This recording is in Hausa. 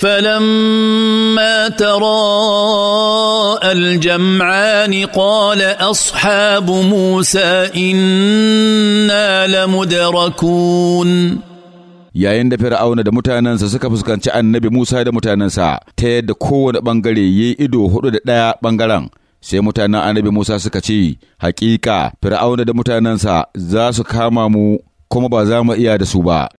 فلما تراءى الجمعان قال اصحاب موسى انا لمدركون yayin da fir'auna da mutanensa suka fuskanci annabi musa da mutanensa ta yadda kowane bangare ya yi ido hudu da ɗaya bangaren sai mutanen annabi musa suka ce hakika fir'auna da mutanensa za su kama mu kuma ba za mu iya da su ba